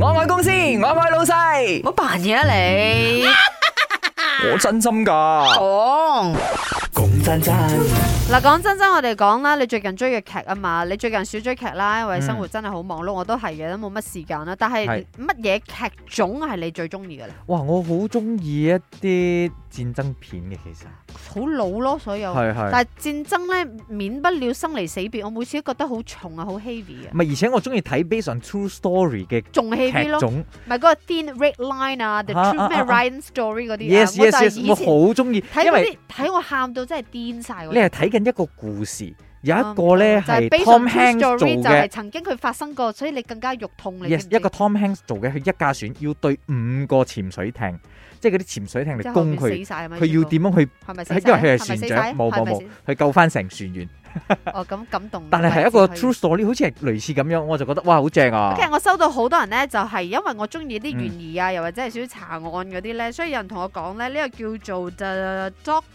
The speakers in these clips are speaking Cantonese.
我愛公司，我愛老細。冇扮嘢啊你 ！我真心噶。哦。講真真嗱，講真真我哋講啦，你最近追嘅劇啊嘛，你最近少追劇啦，因為生活真係好忙碌，我都係嘅，都冇乜時間啦。但係乜嘢劇種係你最中意嘅咧？哇，我好中意一啲戰爭片嘅，其實好老咯，所有是是但係戰爭咧，免不了生離死別，我每次都覺得好重啊，好 heavy 啊。唔係，而且我中意睇 Based on True Story 嘅仲戲咯，唔係嗰個 Thin Red Line 啊，啊，The True，啊、Riding Story 嗰啲，啊 yes, 我好中意，因為睇我喊到。即係癲晒！你係睇緊一個故事，哦、有一個咧係 Tom、Truth、Hanks 做嘅，就係，曾經佢發生過，所以你更加肉痛，你知唔知？yes, 一個 Tom Hanks 做嘅係一架船要對五個潛水艇，即係嗰啲潛水艇嚟攻佢，佢要點樣去？係咪？因為佢係船長，冇冇冇，去救翻成船員。哦，咁感動！但係係一個 true story，好似係類似咁樣，我就覺得哇，好正啊！其，okay, 實我收到好多人咧，就係、是，因為我中意啲懸疑啊、嗯，又或者係少少查案嗰啲咧，所以有人同我講咧，呢、這個叫做 doc。.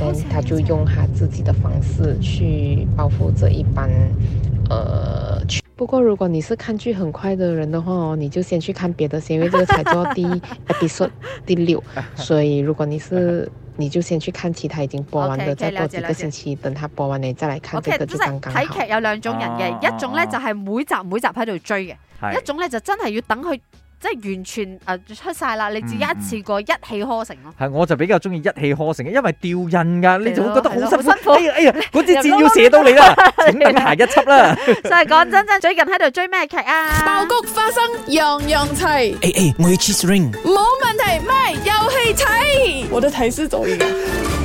但他就用他自己的方式去報復這一班，呃、哦。不過如果你是看劇很快的人的話，你就先去看別的先，因為這個才到第一集第六。所以如果你是，你就先去看其他已經播完的、okay, okay，再多等幾個星期等他播完你再來看這個就剛剛好。睇、okay, 劇有兩種人嘅、啊，一種呢，就係每集、啊、每集喺度追嘅，一種呢，就真係要等佢。即係完全誒出晒啦，你自己一次過一氣呵成咯。係、嗯，我就比較中意一氣呵成，因為吊印㗎，你就會覺得好辛，辛苦。哎呀哎呀，嗰支箭要射到你啦！ 請等下一輯啦。就係講真真，最近喺度追咩劇啊？爆谷花生樣樣齊。誒誒，每次 ring。冇問題，咩？ 又去睇。我都睇詞做完。